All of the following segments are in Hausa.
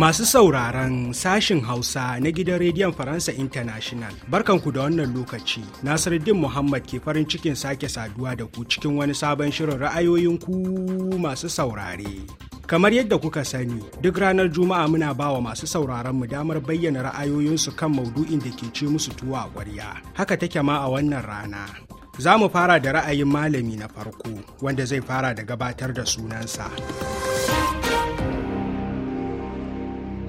Masu sauraron sashin Hausa na gidan Rediyon Faransa International, barkanku da wannan lokaci, Nasiruddin Muhammad ke farin cikin sake saduwa da ku cikin wani sabon shirin ra'ayoyinku masu saurare. Kamar yadda kuka sani, duk ranar Juma'a muna bawa wa masu sauraronmu damar bayyana ra'ayoyinsu kan maudu'in da ke ce musu tuwa a ƙwarya. Haka take ma a wannan rana. za mu fara da ra'ayin malami na farko wanda zai fara da gabatar da sunansa.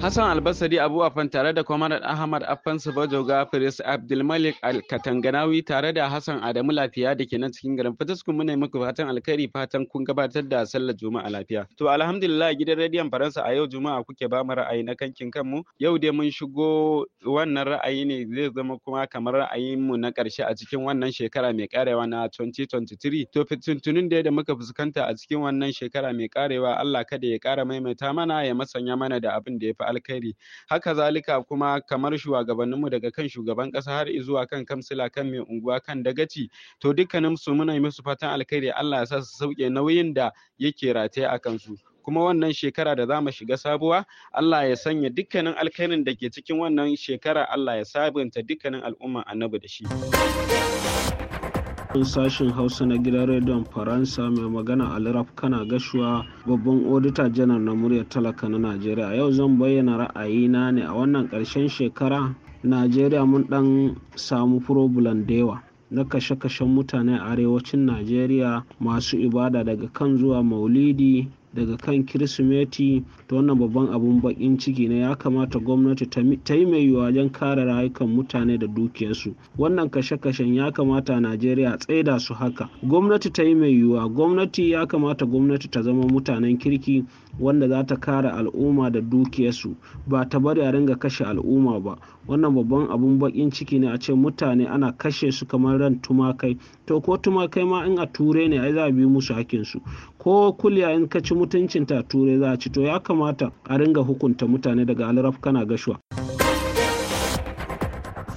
Hassan Albasari Abu Afan tare da Kwamarar Ahmad Affan Sabajoga Firis Abdulmalik Alkatanganawi tare da Hassan Adamu Lafiya da ke nan cikin garin Fataskun muna muku fatan alkhairi fatan kun gabatar da sallar Juma'a lafiya. To alhamdulillah gidan rediyon Faransa a yau Juma'a kuke ba mu ra'ayi na kankin kanmu. Yau dai mun shigo wannan ra'ayi ne zai zama kuma kamar ra'ayin mu na ƙarshe a cikin wannan shekara mai karewa na 2023. To fitintunin da da muka fuskanta a cikin wannan shekara mai karewa Allah kada ya kara maimaita mana ya masanya mana da abin da ya fi alkhairi haka zalika kuma kamar shugabanninmu daga kan shugaban kasa har zuwa kan kamsila kan mai unguwa kan dagaci to dukkanin su muna musu fatan alkhairi Allah ya sa su sauke nauyin da yake rataye a kansu kuma wannan shekara da za mu shiga sabuwa Allah ya sanya dukkanin alkhairin da ke cikin wannan shekara Allah ya sabunta dukkanin al'umma annabi da shi Kun sashen Hausa na gidan rediyon Faransa mai magana Alirab kana gashuwa babban odita janar na muryar talaka na Najeriya. Yau zan bayyana ra'ayina ne a wannan karshen shekara Najeriya mun ɗan samu furobulan da yawa. na kashe-kashen mutane a arewacin Najeriya masu ibada daga kan zuwa maulidi daga kan kirsimeti ta wannan babban abun bakin ciki ne ya kamata gwamnati ta yi mai kare rayukan mutane da dukiyarsu wannan kashe-kashen ya kamata najeriya tsaida su haka gwamnati ta yi mai yiwuwa gwamnati ya kamata gwamnati ta zama mutanen kirki wanda za ta kare al'umma da dukiyarsu ba ta bari a ringa kashe al'umma ba wannan babban abun bakin ciki ne a ce mutane ana kashe su kamar ran tumakai to ko tumakai ma in a ture ne ai za a bi musu hakinsu ko kuliya in ka ci mutuncinta turai za a ci to ya kamata a ringa hukunta mutane daga alraf kana gashuwa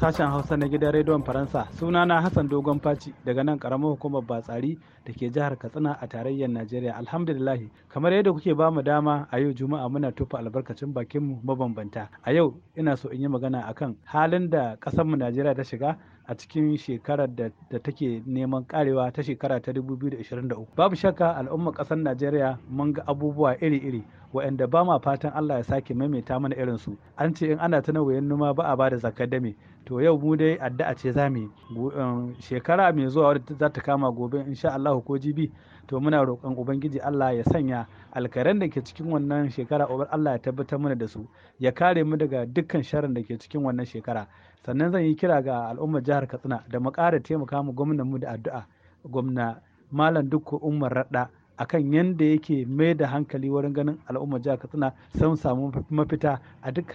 sashen hausa na gidan rediyon faransa suna na hassan dogon faci daga nan karamar hukumar batsari da ke jihar katsina a tarayyar najeriya alhamdulillah kamar yadda kuke ba mu dama a yau juma'a muna tufa albarkacin bakinmu mabambanta a yau ina so in yi magana akan halin da ƙasarmu najeriya ta shiga a cikin shekarar da, da take neman karewa ta shekara ta 2023 babu shakka al'ummar ƙasar najeriya mun ga abubuwa iri-iri waɗanda ba ma fatan Allah ya sake maimaita mana irin su an ce in ana ta nauyin numa ba a ba da zakar dame to yau mu dai addu'a ce za mu um, shekara mai zuwa wadda za ta kama gobe in sha Allah ko jibi to muna roƙon ubangiji Allah ya sanya alkaran da ke cikin wannan shekara ubar Allah ya tabbatar mana da su ya kare mu daga dukkan sharrin da ke cikin wannan shekara sannan zan yi kira ga al'ummar jihar Katsina da mu ƙara taimaka mu gwamnan mu da addu'a gwamna malam dukko umar radda akan yadda yake mai da hankali wurin ganin al'umma jihar katsina sun samu mafita a duk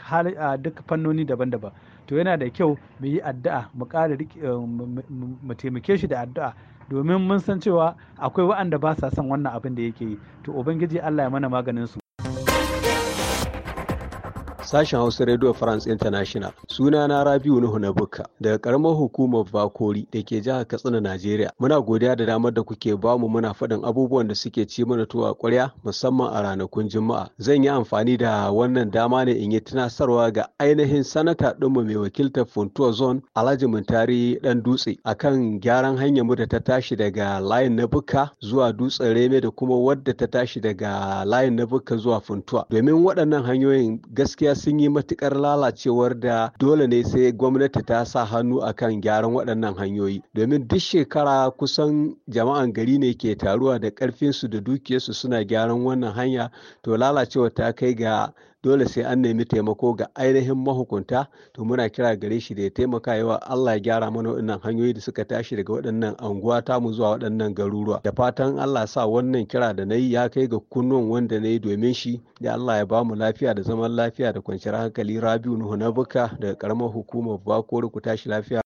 duk fannoni daban-daban to yana da kyau mu yi addu'a mu ƙara eh, mu taimake shi da addu'a domin mun san cewa akwai wa'anda ba sa son wannan abin da yake yi to ubangiji Allah ya mana maganin su Sashen Hausa Radio France International. Suna na Rabiu Nuhu na Bukka daga karamar hukumar Bakori da ke jihar Katsina, Najeriya. Muna godiya da damar da kuke bamu muna faɗin abubuwan da suke ci mana tuwa ƙwarya musamman a ranakun Juma'a. Zan yi amfani da wannan dama ne in yi tunasarwa ga ainihin sanata ɗinmu mai wakiltar Funtuwa Zone Alhaji Muntari Dan Dutse akan gyaran hanyar mu da ta tashi daga layin na Bukka zuwa dutsen Reme da kuma wadda ta tashi daga layin na Bukka zuwa Funtuwa. Domin waɗannan hanyoyin gaskiya sun yi matukar lalacewar da dole ne sai gwamnati ta sa hannu a kan gyaran waɗannan hanyoyi domin duk shekara kusan jama'an gari ne ke taruwa da ƙarfinsu da dukiyarsu suna gyaran wannan hanya to lalacewa ta kai ga dole sai an nemi taimako ga ainihin mahukunta to muna kira gare shi da ya taimaka yawa Allah ya gyara mana waɗannan hanyoyi da suka tashi daga waɗannan anguwa ta mu zuwa waɗannan garuruwa da fatan Allah sa wannan kira da na yi ya kai ga kunnuwan wanda na yi domin shi da Allah ya bamu lafiya da zaman lafiya da kwanciyar hankali Rabiu Nuhu na buka daga karamar hukumar Bakori ku tashi lafiya.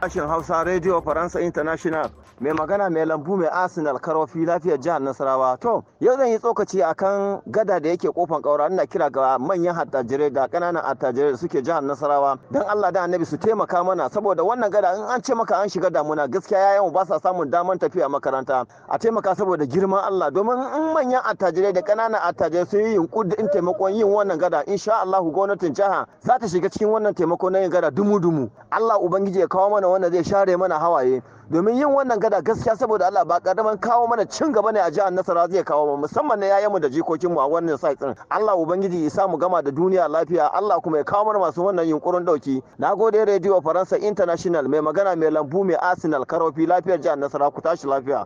Sashen Hausa Radio Faransa International mai magana mai lambu mai arsenal karofi lafiyar jihar nasarawa to yau zan yi tsokaci akan gada da yake kofan kaura ina kira ga manyan attajirai da kananan attajirai da suke jihar nasarawa dan allah da annabi su taimaka mana saboda wannan gada in an ce maka an shiga damuna gaskiya yayan ba sa samun daman tafiya makaranta a taimaka saboda girman allah domin in manyan attajirai da kananan attajirai su yi yunkuri in taimakon yin wannan gada insha allah gwamnatin jiha za ta shiga cikin wannan taimako na yin gada dumu-dumu allah ubangiji ya kawo mana wanda zai share mana hawaye domin yin wannan gada gaskiya saboda Allah ba kadaman kawo mana cin gaba ne a jihar Nasara zai kawo mu musamman na yayanmu da jikokin mu a wannan site din Allah ubangiji ya samu gama da duniya lafiya Allah kuma ya kawo mana masu wannan yunkurin dauki nagode radio Faransa International mai magana mai lambu mai Arsenal Karofi lafiyar jihar Nasara ku tashi lafiya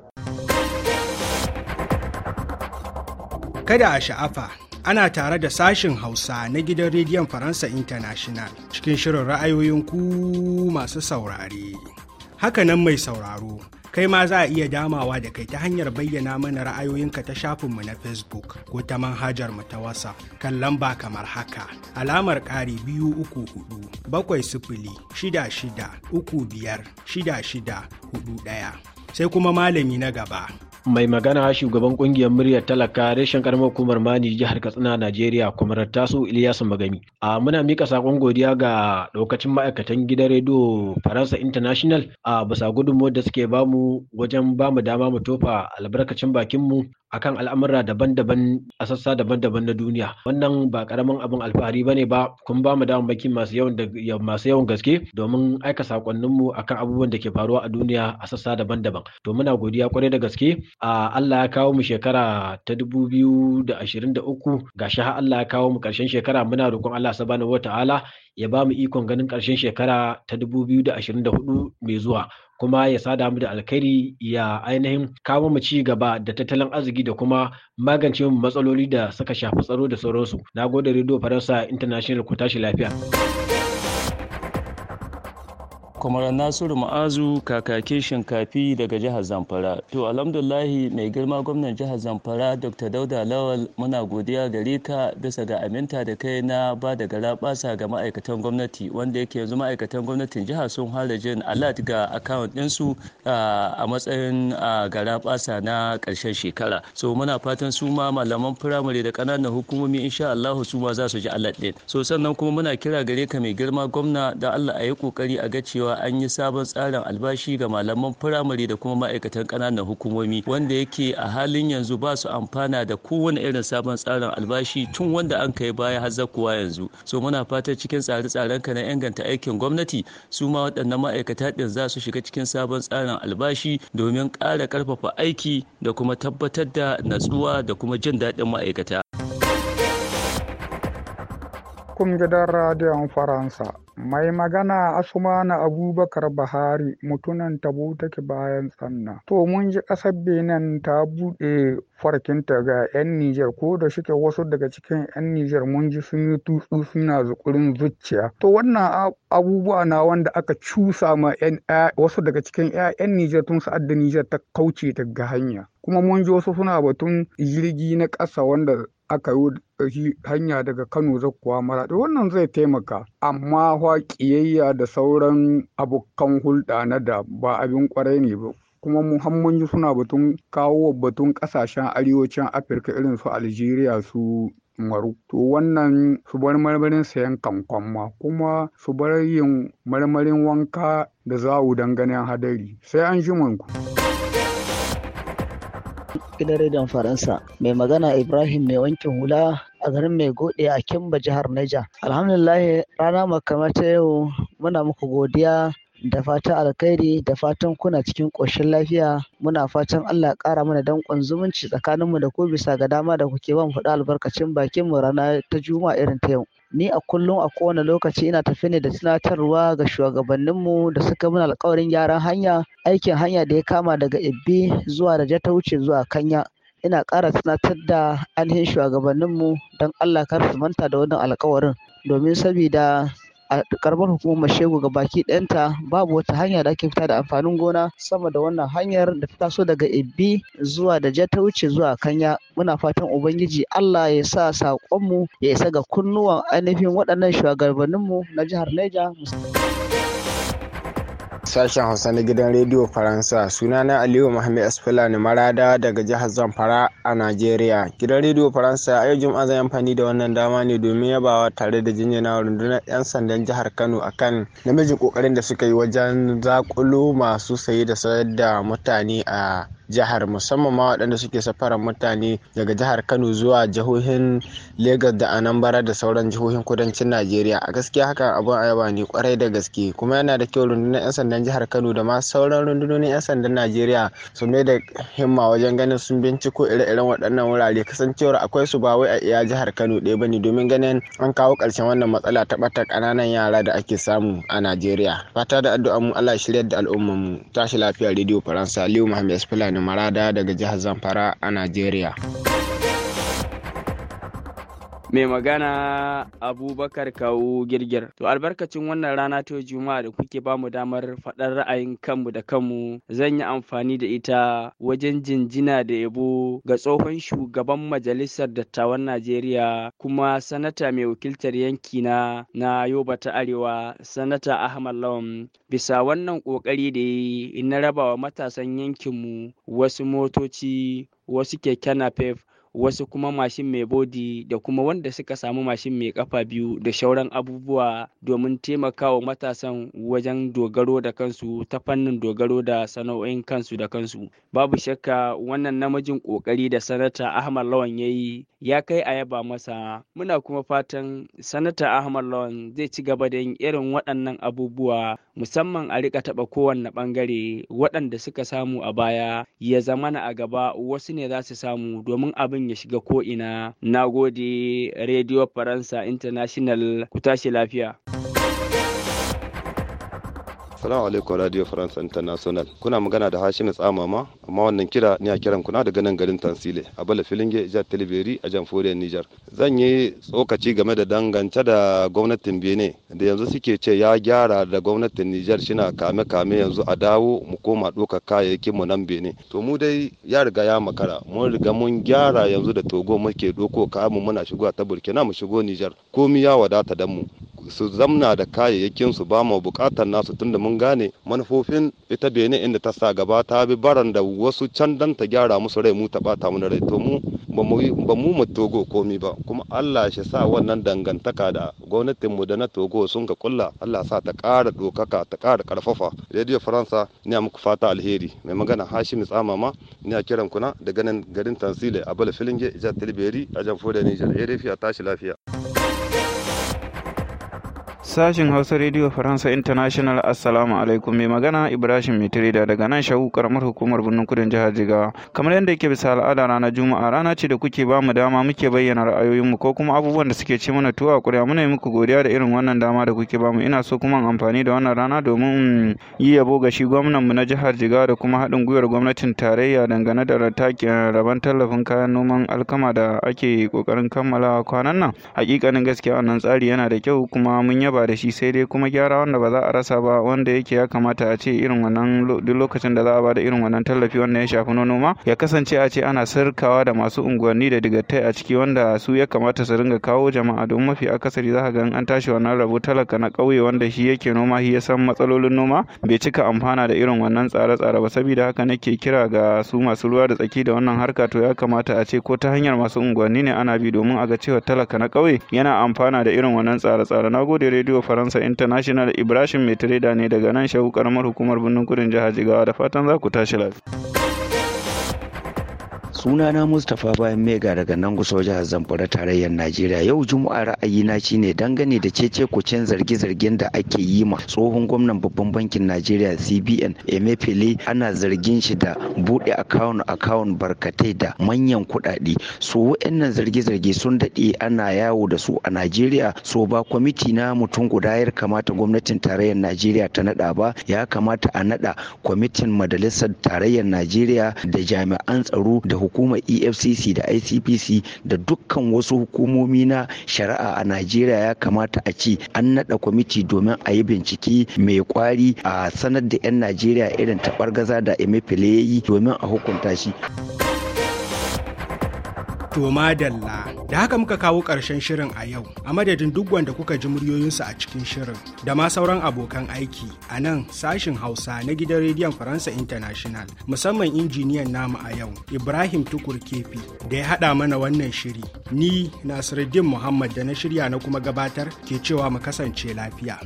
Kada a sha'afa ana tare da sashin Hausa na gidan rediyon Faransa International cikin shirin ra'ayoyin ku masu saurare. Hakanan mai sauraro, kai ma za a iya damawa da kai ta hanyar bayyana mana ra'ayoyinka ta shafinmu na Facebook ko ta manhajar mu ta wasa kan lamba kamar haka. Alamar ƙari biyu uku hudu, bakwai sifili, shida shida, uku biyar, shida shida, hudu ɗaya. Sai kuma malami na gaba. mai magana shugaban kungiyar muryar talaka reshen karamar kumar mani jihar katsina najeriya kuma taso ilyasu magami a muna mika sakon godiya ga lokacin ma'aikatan gidan rediyo faransa international a basa gudunmu da suke bamu wajen bamu dama mu tofa albarkacin bakinmu akan al'amura daban-daban a sassa daban-daban na duniya wannan ba karamin abin alfahari ba ne ba kun ba mu baki masu yawan masu yawan gaske domin aika sakonninmu akan abubuwan da ke faruwa a duniya a sassa daban-daban to muna godiya kwarai da gaske a Allah ya kawo mu shekara ta 2023 gashi har Allah ya kawo mu karshen shekara muna roƙon Allah subhanahu wataala ya ba mu ikon ganin ƙarshen shekara ta 2024 mai zuwa kuma ya sada mu da alkhairi ya ainihin kawo mu ci gaba da tattalin arziki da kuma magance mu matsaloli da suka shafi tsaro da sauransu. Na gode Radio Faransa International ku tashi lafiya. kwamar nasiru ma'azu kakakin shinkafi daga jihar zamfara to alhamdulahi mai girma gwamnan jihar zamfara dr dauda lawal muna godiya gare ka bisa ga aminta da kai na ba da gara basa ga ma'aikatan gwamnati wanda yake yanzu ma'aikatan gwamnatin jihar sun fara jin alat ga account ɗinsu a matsayin gara basa na ƙarshen shekara so muna fatan su ma malaman firamare da ƙananan hukumomi insha allahu su ma za su ji alat ɗin so sannan kuma muna kira gare ka mai girma gwamna da allah a yi ƙoƙari a ga cewa an yi sabon tsarin albashi ga malaman firamare da kuma ma'aikatan ƙananan hukumomi wanda yake a halin yanzu ba su amfana da kowane irin sabon tsarin albashi tun wanda an kai baya har zakuwa yanzu so muna fatan cikin tsare-tsaren ka na inganta aikin gwamnati su ma waɗannan ma'aikata ɗin za su shiga cikin sabon tsarin albashi domin ƙara ƙarfafa aiki da kuma tabbatar da natsuwa da kuma jin daɗin ma'aikata kun gidan radiyon Faransa. Mai magana Asumana Abubakar Bahari mutunan tabo take bayan tsanna. To mun ji ƙasar Benin ta buɗe farkinta ga 'yan Nijar ko da shike wasu daga cikin 'yan Nijar mun ji sun yi tutsu suna zukurin zuciya. To wannan abubuwa na wanda aka cusa ma wasu daga cikin 'ya'yan Nijar tun sa'ad da Nijar ta kauce ta ga hanya. kuma mun ji wasu suna batun jirgi na ƙasa wanda aka yi hanya daga Kano zakuwa Maraɗi wannan zai taimaka amma fa ƙiyayya da sauran abokan hulɗa na da ba abin ƙwarai ne ba kuma muhammanci suna batun kawo wa batun ƙasashen arewacin Afirka irin su Algeria su maru to wannan su bar marmarin sayan kankan ma kuma su bar yin marmarin wanka da zawu don ganin hadari sai an ji ku. gidan rediyon faransa mai magana ibrahim mai wankin hula a garin mai gode a kimba jihar Neja. alhamdulillah rana makama ta yau muna muku godiya da fatan alkhairi da fatan kuna cikin ƙoshin lafiya muna fatan Allah ƙara mana danƙon zumunci tsakaninmu da ku bisa ga dama da kuke ban faɗa albarkacin bakin mu rana ta juma'a irin ta yau Ni a kullum a kowane lokaci ina tafi ne da tunatarwa ga shugabanninmu da suka mana alƙawarin gyaran hanya, aikin hanya da ya kama daga Ibbi zuwa da jata wuce zuwa Kanya. Ina ƙara tunatar da ainihin shugabanninmu don Allah kar su manta da wannan alƙawarin domin sabida a karamar hukumar Shegu baki ɗayanta babu wata hanya da ake fita da amfanin gona sama da wannan hanyar da ta taso daga Ibbi zuwa da wuce zuwa Kanya. Muna fatan Ubangiji Allah ya sa saƙonmu ya isa ga kunnuwan ainihin waɗannan shugabanninmu na jihar Neja. sashen hausa na gidan rediyo faransa sunana aliyu muhammad asfulani marada daga jihar zamfara a najeriya gidan rediyo faransa a yau juma'a zan amfani da wannan dama ne domin yabawa tare da jinjina rundunar yan sandan jihar kano akan namijin kokarin da suka yi wajen zakulo masu saye da sayar da mutane a jihar musamman ma waɗanda suke safarar mutane daga jihar kano zuwa jihohin Legas da anambra da sauran jihohin kudancin najeriya a gaskiya hakan abin ayaba ne kwarai da gaske kuma yana da kyau rundunar 'yan sandan jihar kano da ma sauran rundunonin 'yan sandan najeriya su mai da himma wajen ganin sun binciko ire-iren waɗannan wurare kasancewar akwai su ba wai a iya jihar kano ɗaya ba ne domin ganin an kawo ƙarshen wannan matsala ta ɓata ƙananan yara da ake samu a najeriya fata da addu'a mu allah shiryar da al'ummar mu tashi lafiya rediyo faransa liu muhammed fulani Sani Marada daga jihar Zamfara a Najeriya. mai magana abubakar kawo girgir to albarkacin wannan rana ta juma'a da kuke ba mu damar faɗar ra'ayin kanmu da kanmu zan yi amfani da ita wajen jinjina da yabo ga tsohon shugaban majalisar dattawan najeriya kuma sanata mai wakiltar yanki na na yoba ta arewa sanata ahmad lawan bisa wannan ƙoƙari da yi na rabawa matasan yankinmu wasu motoci wasu keke napep wasu kuma mashin mai bodi da kuma wanda suka samu mashin mai kafa biyu da shauran abubuwa domin taimakawa matasan wajen dogaro da kansu ta fannin dogaro da sana'o'in kansu da kansu babu shakka wannan namijin kokari da sanata ahmad lawan ya yi ya kai a yaba masa muna kuma fatan sanata ahmad lawan zai ci gaba da yin irin waɗannan abubuwa musamman a rika taɓa kowanne ɓangare waɗanda suka samu a baya ya zamana a gaba wasu ne za su samu domin abin ya shiga ko'ina na gode radio faransa international ku tashi lafiya. Assalamu alaikum Radio France International. Kuna magana da Hashim Tsamama, amma wannan kira ni a kiran kuna daga nan garin Tansile, a Bala Filinge, Jihar Tilibiri a Jamhuriyar Niger. Zan yi tsokaci game da dangance da gwamnatin Benin da yanzu suke ce ya gyara da gwamnatin Niger shina kame-kame yanzu a dawo mu koma ɗaukar kayayyakin mu nan bene To mu dai ya riga ya makara, mun riga mun gyara yanzu da Togo muke ɗauko kayanmu muna shigo ta Burkina mu shigo Niger. Komi ya wadata dan mu. Su zamna da kayayyakin su ba mu bukatar nasu tunda mun gane manufofin ita Benin inda ta sa gaba ta bi baran da wasu can dan ta gyara musu rai mu ta bata mu rai to mu ba mu mu togo komi ba kuma Allah shi sa wannan dangantaka da gwamnatin mu da na togo sun ka kulla Allah sa ta kara dokaka ta kara karfafa Radio Faransa ina muku fata alheri mai magana Hashim Tsamama ina kiran kuna da ganin garin Tansile a Bala Filinge ijar Tilberi a Jamfoda Niger Erefi a tashi lafiya. Sashen Hausa Radio Faransa International Assalamu alaikum mai magana Ibrahim Mitrida daga nan shahu karamar hukumar birnin kudin jihar Jigawa. Kamar yadda yake bisa al'ada ranar Juma'a rana ce da kuke bamu dama muke bayyana ra'ayoyinmu ko kuma abubuwan da suke ci mana tuwa kuriya muna yi muku godiya da irin wannan dama da kuke bamu ina so kuma amfani da wannan rana domin yi yabo ga shi gwamnanmu na jihar Jigawa da kuma haɗin gwiwar gwamnatin tarayya dangane da takin rabon tallafin kayan noman alkama da ake kokarin kammalawa kwanan nan. Hakikanin gaskiya wannan tsari yana da kyau kuma mun yaba da shi sai dai kuma gyara wanda ba za a rasa ba wanda yake ya kamata a ce irin wannan duk lokacin da za a bada irin wannan tallafi wanda ya shafi noma ya kasance a ce ana sarkawa da masu unguwanni da digattai a ciki wanda su ya kamata su ringa kawo jama'a don mafi akasari za ka ga an tashi wannan rabo talaka na ƙauye wanda shi yake noma shi ya san matsalolin noma bai cika amfana da irin wannan tsare-tsare ba saboda haka nake kira ga su masu ruwa da tsaki da wannan harka to ya kamata a ce ko ta hanyar masu unguwanni ne ana bi domin a ga cewa talaka na ƙauye yana amfana da irin wannan tsare-tsare na gode rediyo Radio faransa international ibrahim mai ne daga nan shahu karamar hukumar birnin kudin jihar jigawa da fatan za ku tashi lafiya sunana mustapha bayan mega daga nan gusa jihar zamfara tarayyar najeriya yau juma'a ra'ayina shine dangane da cece kucin zarge-zargen da ake yi ma tsohon gwamnan babban bankin najeriya cbn emefele ana zargin shi da buɗe akawun akawun barkatai da manyan kuɗaɗe so wa'annan zarge-zarge sun daɗe ana yawo da su a najeriya so ba kwamiti na mutum guda ya kamata gwamnatin tarayyar najeriya ta naɗa ba ya kamata a naɗa kwamitin majalisar tarayyar najeriya da jami'an tsaro da hukumar hukumar efcc da icpc da dukkan wasu hukumomi na shari'a a najeriya ya kamata a ce an naɗa kwamiti domin a yi bincike mai kwari a sanar da 'yan najeriya irin taɓar gaza da emefiele ya yi domin a hukunta shi. To madalla da haka muka kawo ƙarshen shirin a yau a madadin duk wanda kuka ji muryoyinsu a cikin shirin da ma sauran abokan aiki a nan sashin Hausa na gidan rediyon Faransa International musamman injiniyan namu a yau Ibrahim Tukur Kefi da ya haɗa mana wannan shiri. Ni Nasiruddin Muhammad da na shirya na kuma gabatar ke cewa mu kasance lafiya.